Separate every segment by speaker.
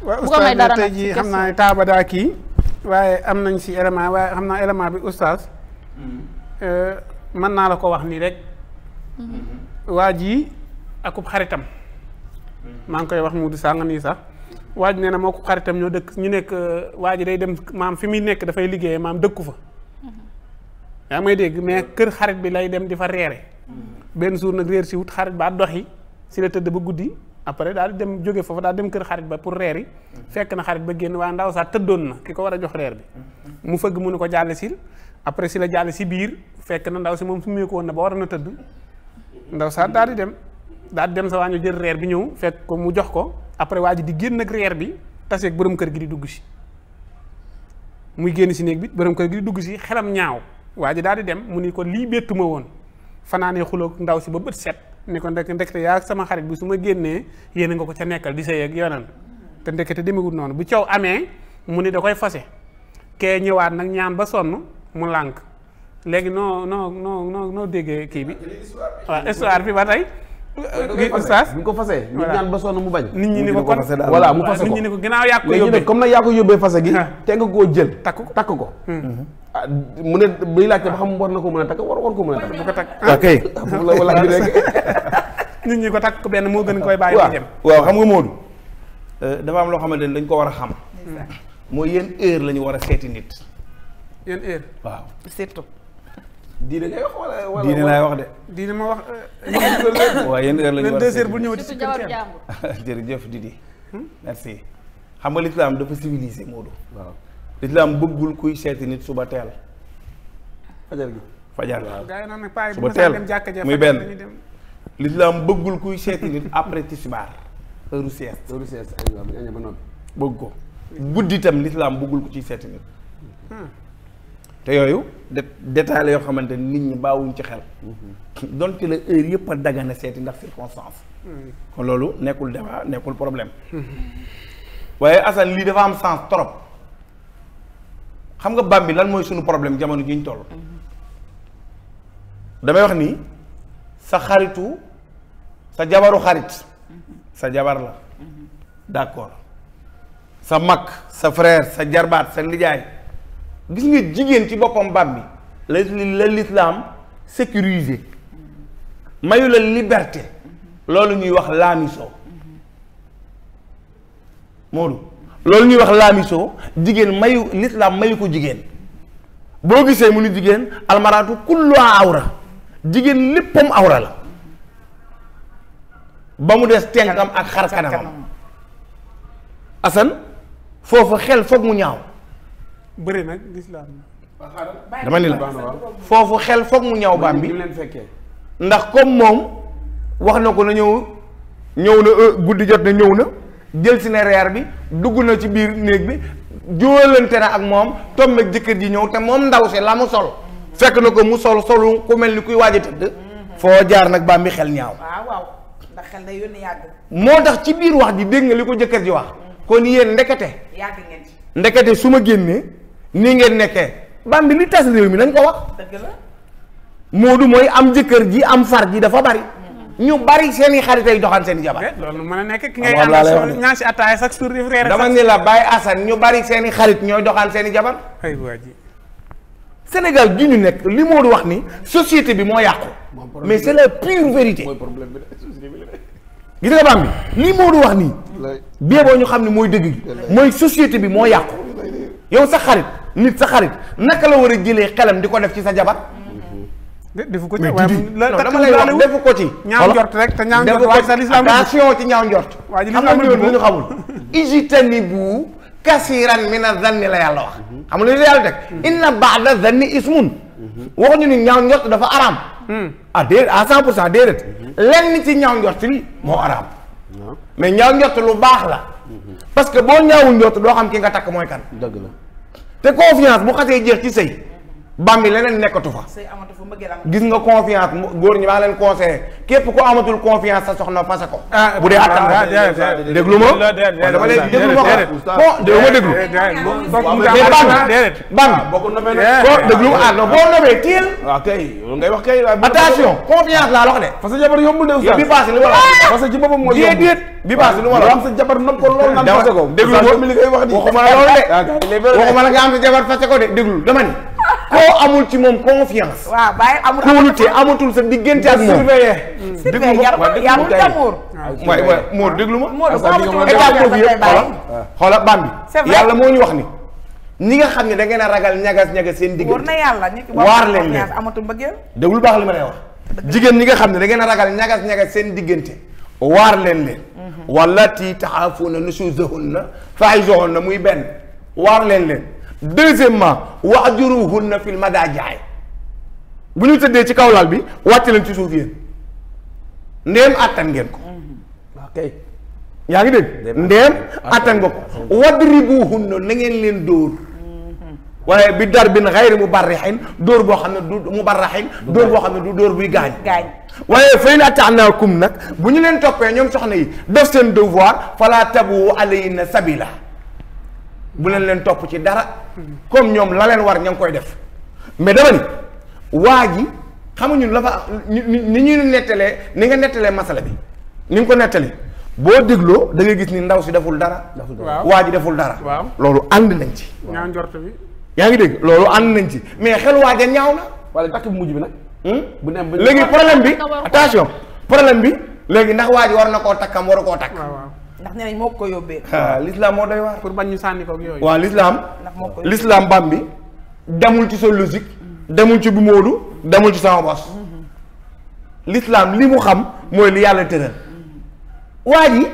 Speaker 1: bu ko may dara nag ci xam naa taaba daa kii waaye am nañ si élément waaye xam naa élément bi oustaz. Mm-hmm. Euh, mën naa la ko wax nii rek. Mm-hmm. waa ji akub xaritam. Mm-hmm. maa ngi koy wax mu di sàng nii sax. waaj nee na moo ko xaritam ñoo dëkk ñu nekk euh, waa ji day dem maam fi muy nekk dafay liggéeyee maam dëkku fa. yaa may dégg mais kër xarit bi lay dem di fa reere. benn jour nag réer si wut xarit ba doxi si la tëdd ba guddi après daal dem jóge foofu daal dem kër xarit ba pour reer yi fekk na xarit ba génn waaye ndaw sa tëddoon na ki ko war a jox reer bi mu fëgg mu ne ko jàll si après si la jàll si biir fekk na ndaw si moom su meeku woon na ba war na tëdd ndaw sa daal di dem daal di dem sa waa ñu jël reer bi ñëw fekk ko mu jox ko après waa ji di génn ak reer bi taseeg borom kër gi di dugg si muy génn si néeg bi borom kër gi di dugg si xelam ñaaw waa ji daal di dem mu ni ko lii bettu woon fanaanee xuloog ndaw si ba bët set ni ko ndek ndekete yaa ak sama xarit bi su ma génnee yéen nga ko ca nekkal di sëy ak yoonam te ndekete demewut noonu bu coow amee mu ni da koy fase kee ñëwaat nag ñaan ba sonn mu lànk léegi noo noo noo noo noo déggee kii bi waaw histoire bi ba tey ustaas bu ko fasee nit ñaan ba sonn fase nit ñi ni ko
Speaker 2: ginnaaw yaa ko yóbbee comme nag yaa ko yóbbee fase gi ah. te nga koo jël takk ko takk ko hmm. ah mu ne buy laajte ba xam war na ko mën a takk war war ko mën a takk bu ko takk. Ah,
Speaker 1: ok wala bi rek nit ñi ko takk benn moo gën koy bàyyi. waaw
Speaker 2: waaw xam nga Modou. Euh, dafa am loo xamante ni dañ ko war a xam. mooy yenn heure la ñu war a seeti nit.
Speaker 1: yenn heure. waaw surtout. diine ngay wax wala wax de. diine ma wax. Euh, waaw yenn heure la bu ñëw ci jawar jàmbur.
Speaker 2: jërëjëf Didi. Hmm? xam nga lislaam dafa civilisé Modou waaw. lislaam bëggul kuy seeti nit suba teel fajar gi fajar
Speaker 1: gi suba teel muy benn
Speaker 2: lislaam bëggul kuy seeti nit après tisbaar heure sieste heure sieste bëgg ko guddi itam lislaam bëggul ku ciy seeti nit te yooyu de la yoo xamante nit ñi baawuñ ci xel donte la heure yëpp a dagana seeti ndax circonstance hmm. kon loolu nekkul débat nekkul problème waaye Assane lii dafa am sens trop xam nga Bambi lan mooy suñu problème jamono ji ñu damay wax nii sa xaritu sa jabaru xarit sa jabar la d'accord sa mag sa frère sa jarbaat sa lijaay gis nga jigéen ci boppam Bambi la la l'islam sécurisé mayu la liberté loolu ñuy wax laamiso Modou loolu ñuy wax laamisoo jigéen mayu lislaam mayu ko jigéen boo gisee mu ni jigéen almaraatu kulluha awra jigéen léppam awra la ba mu des tenkam ak xar kanamam asan foofu xel foog mu ñaaw
Speaker 1: bëri nag lislaam dama ni la
Speaker 2: foofu xel foog mu ñaaw baam bi ndax comme moom wax na ko na ñëw ñëw na euh, guddi jot na ñëw na jël si reer bi dugg na ci biir néeg bi jóolante na ak moom tombé jëkkër ji ñëw te moom ndaw si la mu sol fekk na ko mu sol solu ku mel ni kuy waaj a tëdd foo jaar nag baam bi xel ñaaw
Speaker 3: waaw ndax xel day yónni
Speaker 2: moo tax ci biir wax ji dégg nga li ko jëkkër ji wax kon yéen ndekete yàgg ndekete su ma génnee nii ngeen nekkee baam bi li tas réew mi nañ ko wax dëgg la Moodu mooy am jëkkër ji am far ji dafa bari ñu bari seen i xarit ay doxaan seen jabar. Eh,
Speaker 1: a nekk ki ngay ah, ànd ñaan si ataaya sax tur di
Speaker 2: reer dama ni la Baye Assane ñu bari seen i xarit ñooy doxaan seen i jabar. ay Sénégal gi ñu nekk li moo wax ni société bi moo yàqu. mais c'est la pure vérité. mooy problème bi gis nga baam bi li moo wax nii. bee ñu xam ne mooy dëgg gi. mooy société bi moo yàqu. yow sa xarit nit sa xarit naka la war a jëlee xelam di ko def ci sa jabar.
Speaker 1: defu ko ci dama
Speaker 2: lay wax defu ko ci. ñaaw njort rek te ñaaw njort waaye sax lislaam attention ci ñaaw njort.
Speaker 1: waa ji lislaam lu ñu xamul.
Speaker 2: ijtani bu kasiran mina zanni la yàlla wax. Mhm. xam nga li yàlla teg. Mhm. inna ba'da zanni ismun. waxuñu ni ñaaw njort dafa araam. Hmm. ah déedéet à cent pour cent déedéet. Mhm. lenn ci ñaaw njort li moo araam. mais ñaaw njort lu baax la. parce que boo ñaawul njort doo xam ki nga takk mooy kan. dëgg la te confiance bu xasee jeex ci sëy bàmmi leneen nekkatu fa gis nga confiance góor ñi maa leen conseillé képp ku amatul confiance sa soxna fase ko ah, bu dee attan déglu
Speaker 1: ma dama lay déglu ma ko dama déglu ban ban ko déglu ah non boo nobee
Speaker 2: tiil waaw ah, kay ngay wax kay attention confiance laa wax de parce que jabar yombul de oustaz bi passé li ma déglu ma li ngay wax di waxuma la loolu de ah, waxuma la nga am sa jabar fase ko de déglu dama koo amul ci moom confiance. waaw
Speaker 3: bàyyi amul kóolute
Speaker 2: amatul sa diggante ak moom. surveiller yarul tamour.
Speaker 3: waay waay Mour déglu ma. Mour dafa amatul woon
Speaker 2: xoola bam bi yàlla moo ñu wax ni. ñi nga xam ne da ngeen a ragal ñagas ñagas seen diggante. war na
Speaker 3: yàlla nit ki war leen leen amatul mbëggeel.
Speaker 2: déglu baax li ma lay wax. jigéen ñi nga xam ne da ngeen a ragal ñagas ñagas seen diggante. waar leen leen. Mhm. wallati taxaafuuna nusuuzahunna faa'izuhunna muy benn waar leen leen deuxièmement wahjuruhunna fil madaaji bu ñu tëddee ci kaw lal bi wàcc leen ci suuf yéen ndéem attan ngeen ko mm-hmm. yaa ngi dégg ndéem attan nga ko wadribuhunna na ngeen leen dóor mm-hmm. waaye bi dar bin xayri mu barraxin dóor boo xam ne du mu barraxin dóor boo xam ne du dóor buy gaañ waaye fay na taanaakum nag bu ñu leen toppee ñoom soxna yi def seen devoir fala tabu sabi la bu leen leen topp ci dara comme ñoom la leen war ña ngi koy def mais dama ni waa ji xamuñu la fa ni ñuy nettalee ni nga nettalee masala bi ni nga ko nettali boo dégloo da gis ni ndaw si deful dara. waa ji deful dara. loolu ànd nañ ci.
Speaker 1: ñaaw njort bi.
Speaker 2: yaa ngi dégg loolu ànd nañ ci mais xel waaja ñaaw na. wala takk mujj bi nag. Hmm? bu ne léegi problème bi attention problème bi léegi ndax waa ji war na koo takkam waru koo takk.
Speaker 3: ndax nee nañ moo ko yóbbee. waaw moo doy waar. pour bañ ñu sànni ko yooyu. waaw l'islam. ndax moo ko l'islam
Speaker 2: bam bi demul ci sa logique. demul ci li mu xam mooy li yàlla tëral. waa ji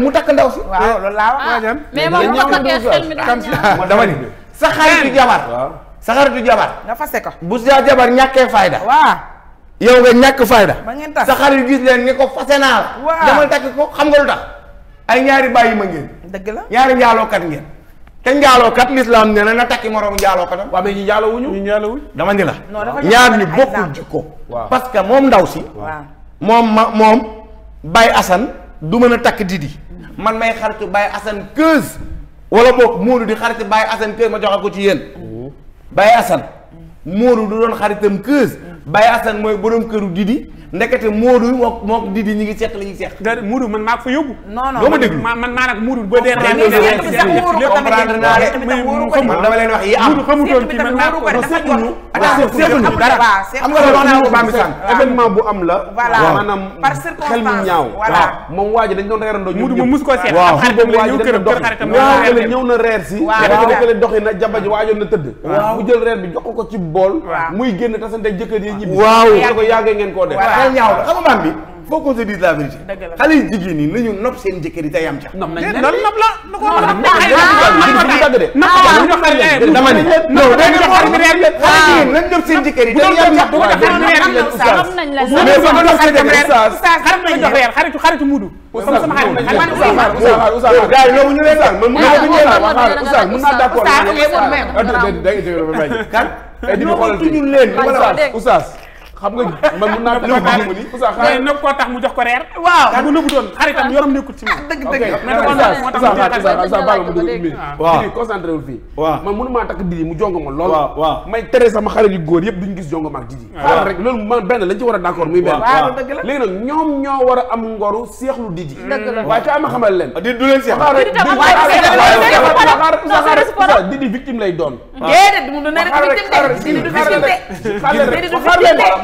Speaker 2: mu takk ndaw si. waaw eh, loolu laa
Speaker 3: wax. Ah, waaw mais bu ko takkee xel ah, dama
Speaker 2: ni sa xaritu jabar. sa xaritu jabar. ñàkkee fayda. yow nga ñàkk fayda sa xarit gis leen ni ko fase naa la waaw demal takk ko xam nga lu tax ay ñaari bàyyi ma ngeen dëgg la ñaari njaalookat ngeen te njaalookat lislaam nee na na takki moroom njaalookatam waaw mais ñu njaalowuñu ñu njaaloowuñu dama ni la ñaar ñu bokkul jikko parce que moom ndaw si moom ma moom Baye Assane du mën a takk di di man may xaritu Baye Assane keuse wala boog Moodu di xaritu Baye Assane ma joxe ko ci yéen Baye Assane Moodu du doon xaritam keuse Baye Assane mooy borom këru Didi ndekete Moodu moo moo Didi ñi ngi seq la ñuy seq. déedéet man maa ko fa yóbbu. non non doo ma déglu man man maanaam Moodu ba dee. xamutoon kii man maa ko fa sequñu. sequñu dara am nga wax naa ko ba mi sànq. événement bu am mu jël reer bi jox ko ci bool. muy génn tasante jëkkër yi ñibbi. waaw ko yàggee ngeen koo def daal ñaaw na xam nga maam bi faut qu'on se dise la vérité xale yu jigéen ñi nañu nopp seen jëkkër yi tey am ca non nopp la
Speaker 3: na ko dama ni dama ni non dañu xor bi reer xale yi nañu
Speaker 2: nopp seen jëkkër yi tey am ca bu ko def
Speaker 1: reer reer reer xam nga man mun naa nëbb ko ni Moussa xaaral nëbb koo tax mu jox ko reer waaw bu nëbb doon xaritam yoram nekkul ci moom ah, dëgg dëgg mais ah, dafa ndax moo tax mu jox xaritam sa baal ma dugg mi waaw di
Speaker 2: concentré wul fii waaw man mënu maa takk didi mu jongo ma lool waaw may tere sama xarit yu góor yëpp duñ gis jongo ma ak didi ah. xaaral rek loolu man benn lañ ci war a d'accord muy benn léegi nag ñoom ñoo war a am ngoru seexlu didi waaye ka ama xamal leen di du leen seex
Speaker 3: xaaral
Speaker 2: didi victime lay doon déedéet
Speaker 3: mu du ne rek victime de didi du victime de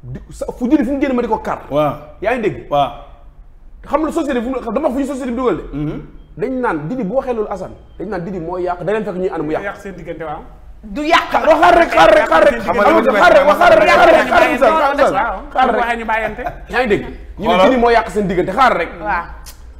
Speaker 2: di fu jëli fu mu génn ma di ko kar yaa ngi dégg waaw xam nga société bi fu mu dama fu ñu dugal de mm-hmm. dañ naan didi boo waxee loolu Assane dañ naan didi moo yàq da leen fekk ñuy ànd mu yàq
Speaker 1: seen diggante waaw du yàq la rek xaar rek xaar rek xaar rek waxaar rek
Speaker 2: yaa ngi dégg ñu ne didi moo yàq seen diggante xaar rek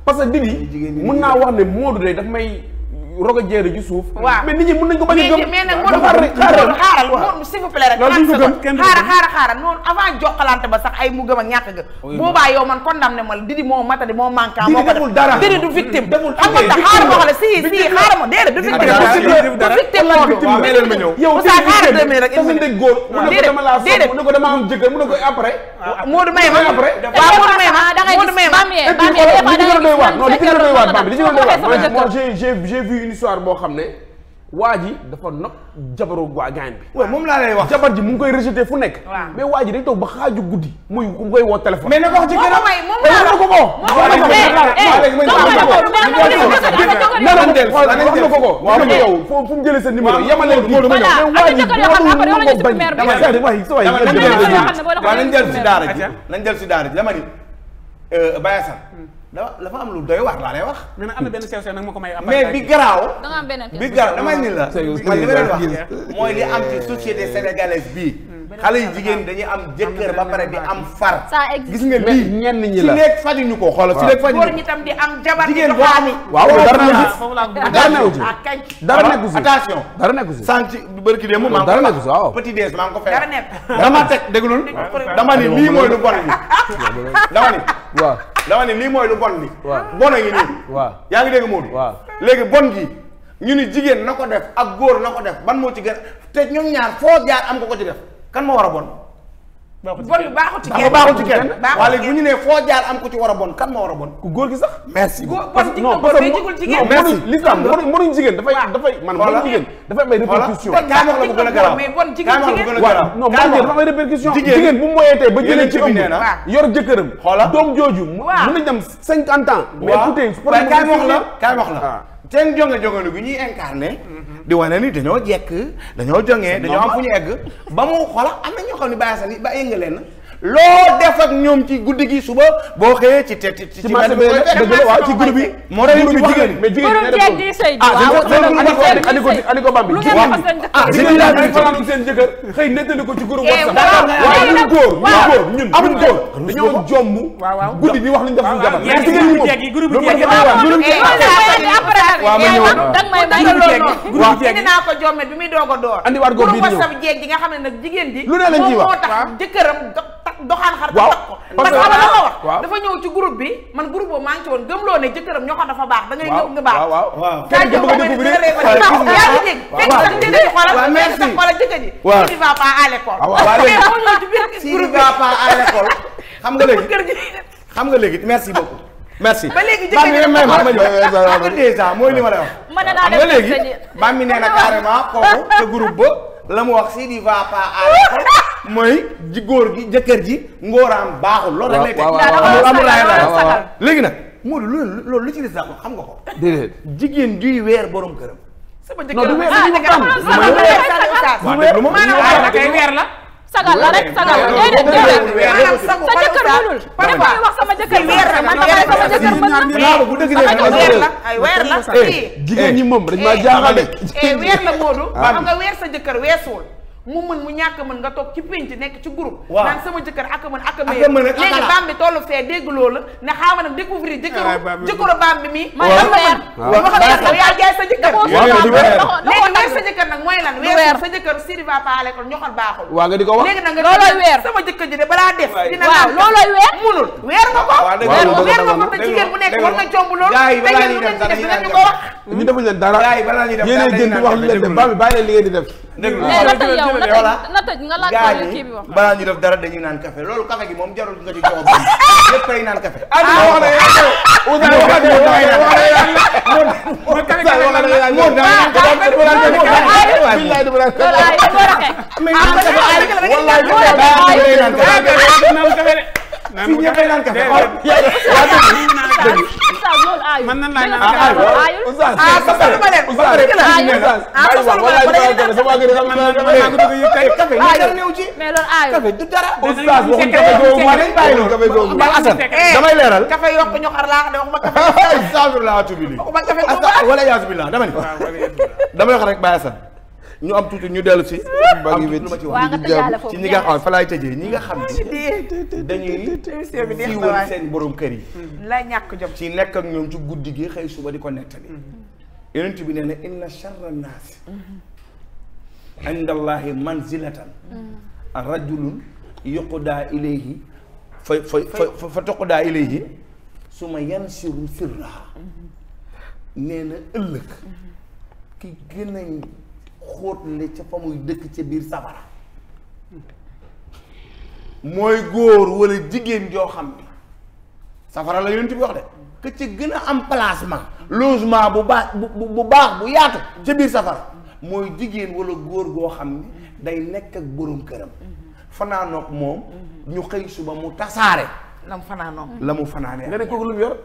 Speaker 2: parce que didi mun naa wax ne Modou de daf may rogo jeeri ju suuf. waaw mais nit ñi mën nañu ko bañ a gëm. mais nag Modou Modou xaaral Modou
Speaker 3: s'il vous plaît rek. loolu duñ ko gëm kenn xaaral xaaral xaaral noonu avant jokkalante ba sax ay mu gëm ak ñàkk gëm. boobaa yow man condamné ma la Didi moo matadi moo manquant. moo ko def Didi du victime. deful am na xaaral ma xool si si xaaral ma déedéet du victime. du victime Modou waaw mais leen ma ñëw. yow xaaral deux minutes rek une minute.
Speaker 2: déedéet déedéet mu ne ko dama am jëkkër mu ne ko après. Modou may ma waaw Modou may ma
Speaker 3: Modou may ma. da ngay gis bam
Speaker 2: yee bam yee vécu une boo xam ne waa ji dafa nog jabaru waa gaañ bi. waaw moom laa lay wax. jabar ji mu ngi koy rejeté fu nekk. mais waa ji day toog ba xaaju guddi. muy mu koy woo téléphone. mais na ko wax ci gën a moom la ko ko. wax na yow fu mu jëlee sa numéro yemale ko waa ji mu ko ne dama ne dama dafa am lu doy waar laa lay wax. am na benn
Speaker 1: sew sew nag ma ko may.
Speaker 2: mais bi garaaw. da nga
Speaker 3: am benn bi garaaw damay ni la.
Speaker 2: man li ma mooy li am ci société sénégalaise bii. Hmm. xale yu jigéen dañuy am jëkkër ba pare di am
Speaker 3: far. gis
Speaker 2: nga lii ñenn ñi la fi nekk ko xoolal fi
Speaker 3: am jabar di doxaani. waaw dara nekku si
Speaker 2: dara nekku si ah, attention dara nekku si. sànq bërki démb maa ngi ko fa petit déj maa ngi ko fay dama teg déglul dama ni lii waaw. dama ne lii mooy lu bon li bon a ngi waaw yaa ngi dégg Modou. waaw léegi bon gi ñu ni jigéen na ko def ak góor na ko def ban moo ci gën te ñoom ñaar foo jaar am ko ko ci def kan moo war a bon.
Speaker 3: baaxul ci kenn baaxul ci kenn waaye bu
Speaker 2: ñu nee am ku ci war a bon kan moo war a bon ku góor gi sax merci parce que non l'islam mënuñ jigéen dafay dafay man mënuñ jigéen dafay may répercussion kaama la bu a la bu gën a garaaw non man dafa may répercussion jigéen bu moyeetee ba jëlee ci ëmb yor jëkkëram doom jooju mën nañ dem cinquante ans mais écoutez kaay wax la kaay wax la ah. seen jonge jonganu gi ñuy incarné. Mm-hmm. di wane ni dañoo jekk dañoo jongee dañoo am fu ñu egg ba mu xola am na ñoo xam ne bàyyi sa ni bàyyi nga leen loo def ak ñoom ci guddi gi suba boo xëyee ci te ci. ci marché bi waaw ci guddi bi. moo rëy bi jigéen mais jigéen ñi nga def ko andi ah, ko bambi. ah jigéen ñi dañuy faral seen jëkkër xëy nettali ko ci groupe eh, WhatsApp. waaw ñun góor ñun góor ñun amul góor dañoo jomm. guddi di wax lu ñu def suñu jabar. mais jigéen ñi moom
Speaker 1: loolu mooy
Speaker 3: waaw waaw waaw waaw waaw doxaan xar waaw parce que xam nga la wax dafa ñëw ci groupe bi man groupe boobu maa ngi ci woon gëmloo ne jëkkëram ñoo xam dafa baax da ngay ñëw nga baax waaw yaa ngi dégg fekk sax jëkkër ji xoolal merci xoolal jëkkër ji si va pas à l'école waaw léegi moo ñëw ci biir si va pas à l'école xam nga léegi kër gi
Speaker 2: xam nga léegi merci beaucoup merci ba
Speaker 3: léegi jëkkër ji ma ñëw
Speaker 2: déjà mooy li ma lay wax
Speaker 3: xam nga léegi
Speaker 2: maam mi nee na carrément kooku te groupe ba la mu wax si di va pas à mooy ji góor gi jëkkër ji ngóoraam baaxul. loolu rek lay teg amul amul léegi nag Modou loolu loolu lu ci des ko xam nga ko. déedéet jigéen juy weer borom këram.
Speaker 3: sama jëkkër ah dama la
Speaker 1: sama jëkkër ah
Speaker 3: dama la sama jëkkër ah
Speaker 1: sagal la rek sagal la déedéet déedéet sa jëkkër mënul da ngay wax sama jëkkër mën na man damay sama jëkkër
Speaker 3: mën na weer la ay weer la eh, jigéen
Speaker 2: ñi moom dañ maa eh, jaaxale eh, weer
Speaker 3: la Modou xam ah. nga weer sa jëkkër weesuwul mu mën mu ñàkk mën nga toog ci pénc nekk ci groupe naan sama jëkkër ak mën ak mën léegi baam bi tollu fee dégg loola ne xaawa nam découvrir ah, jëkkëru jëkkëru baam bi mii ma dama mën waxa yow yaa jaay sa jëkkër léegi weer sa jëkkër nag mooy lan weer sa jëkkër siri va pas à l'école ñoxal baaxul waa nga di ko wax sama jëkkër ji de balaa def dina naan looloy weer munul weer nga ko weer nga ko te jigéen bu nekk war nga jomb loolu te ngeen lu ngeen ci def dinañu ko wax
Speaker 2: ñu defuñ leen dara yéen a jënd wax lu leen def baam bi bàyyi leen li di def dégg na
Speaker 3: tëj nga laaj ko kii bi wax
Speaker 2: balaa ñu def dara dañuy naan café loolu café gi moom jarul nga ci jox ba lépp ay naan café aduna wax na yàlla mo da billahi dama naan café wallahi naan
Speaker 1: café
Speaker 3: aayul man nan laa ñu aayul aayul ah soxna ma leen aayul ah soxna ma leen ba sama gën a man man ko dëgg kay café ñu dara néew ci mais loolu aayul café du dara oustaz waxuñ café googu ma leen bàyyi loolu café googu ba asan damay leeral café yokk ñu xar laa
Speaker 2: wax ma café astaghfirullah atubi li waxuma café wala yaas billah dama ni ah, dama wax rek bàyyi asan ñu am tuuti ñu dellu si. am tuuti lu ma ci wax ci ñi nga xam fa laay tëjee ñi nga xam ne dañuy siiwal seen borom kër yi. Hmm. la ñàkk jom ci nekk ñoom ci guddi gi xëy suba di ko nettali. Hmm. yonent bi nee na inna charra naas
Speaker 1: hmm.
Speaker 2: indallahi manzilatan rajulun yuqdaa ilayhi fa fa fa tuqdaa ilayhi suma ma yansiru sirraha nee ëllëg ki gën a xóotle ca fa muy dëkk ca biir safara mooy góor wala jigéen joo xam ni safara la yonent bi wax de que gën a am placement logement bu baax bu baax bu yaatu ca biir safara mooy jigéen wala góor goo xam ni day nekk ak borom këram fanaanoog moom ñu xëy suba mu tasaare
Speaker 3: la mu fanaanoog la mu
Speaker 2: fanaanee nga ne kooku lu mu yor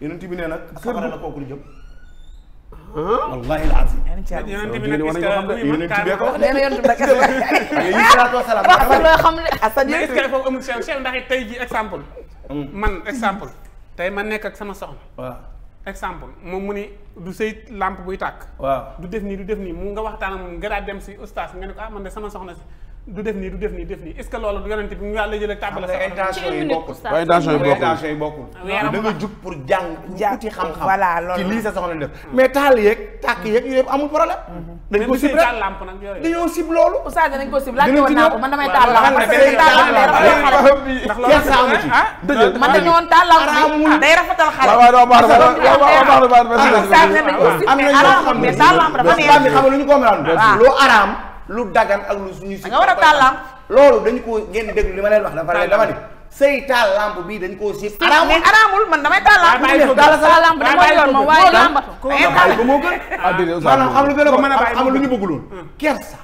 Speaker 2: yonent bi nee nag safara la kooku lu jëm
Speaker 1: wallahi alazim yéen war nañu xam de yéen ci bee ko wax de yéen xam ne asan est-ce que man exemple tey ma nekk ak sama soxna waaw exemple moom mu ni du sëy lampe buy tàkk waaw du def nii du def nii mu nga waxtaan ak moom nga daa dem si oustaz nga ne ko ah man de sama soxna si du def nii du def nii def nii est-ce que loolu du yonent bi mu yàlla jël ak tàbbal sa intention yi bokkul waaye intention yi bokkul intention yi bokkul da nga jug pour jàng pour
Speaker 2: uti xam-xam voilà loolu ci lii sa soxla def mais taal yeeg tàkk yeeg yooyu yëpp amul problème dañ ko sib
Speaker 1: taal lamp nag
Speaker 3: yooyu dañoo sib loolu oustaz dañ ko sib laajte woon naa ko man damay taal lamp parce que taal lamp day rafetal xale dëgg man dañu woon taal lamp day rafetal xale waaw waaw baax na baax na baax na am na ñoo xam ne taal lamp dafa neex xam nga lu ñu
Speaker 2: comprendre loo araam lu dagan ak lu suñu si nga war a taal loolu dañu ko ngeen déglu li ma leen wax dafa lay dama ni
Speaker 3: sëy taal lamp bi dañ koo si araamul araamul man damay taal lamp taal sa lamp dama yoon moom waaye lambatu
Speaker 1: ko
Speaker 2: moo gën maanaam xam lu benn ko xam lu
Speaker 3: ñu bëgguloon
Speaker 1: kersa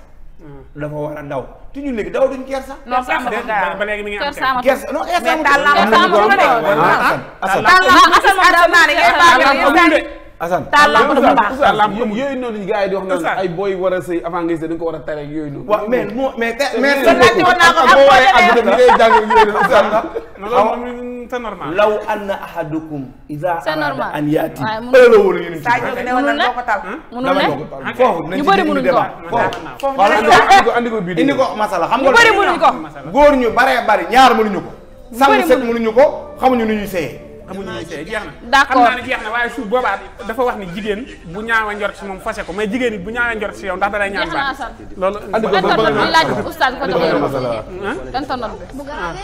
Speaker 2: dafa war a daw te ñun léegi daw duñ kersa
Speaker 3: non sama ba
Speaker 1: léegi mi ngi am kersa non kersa taal lamp taal
Speaker 3: lamp taal lamp
Speaker 1: Assane taal lamp dafa baax taal lamp yooyu noonu gars yi di wax naan ay booy war a
Speaker 2: sëy avant ngay sëy dañ ko war a tere yooyu noonu. waaw mais moo mais te mais. te law anna ahadukum idha arada yati ëllëwoon yéen a ngi ne wala doo
Speaker 3: ko tal mënul ne foofu nañ ci indi débat
Speaker 2: foofu indi ko masala xam nga lu bëri mënuñ ko góor ñu ko sàmm set nu ñuy sëyee
Speaker 1: amuñu ay seey jeex na d'accord xam naa jeex na waaye su boobaa dafa wax ni jigéen bu ñaawa njort si moom fase ko mais jigéen bu ñaawa njort si yow ndax danay ñaan baax loolu antonot bi laaj ustaas ko
Speaker 3: jox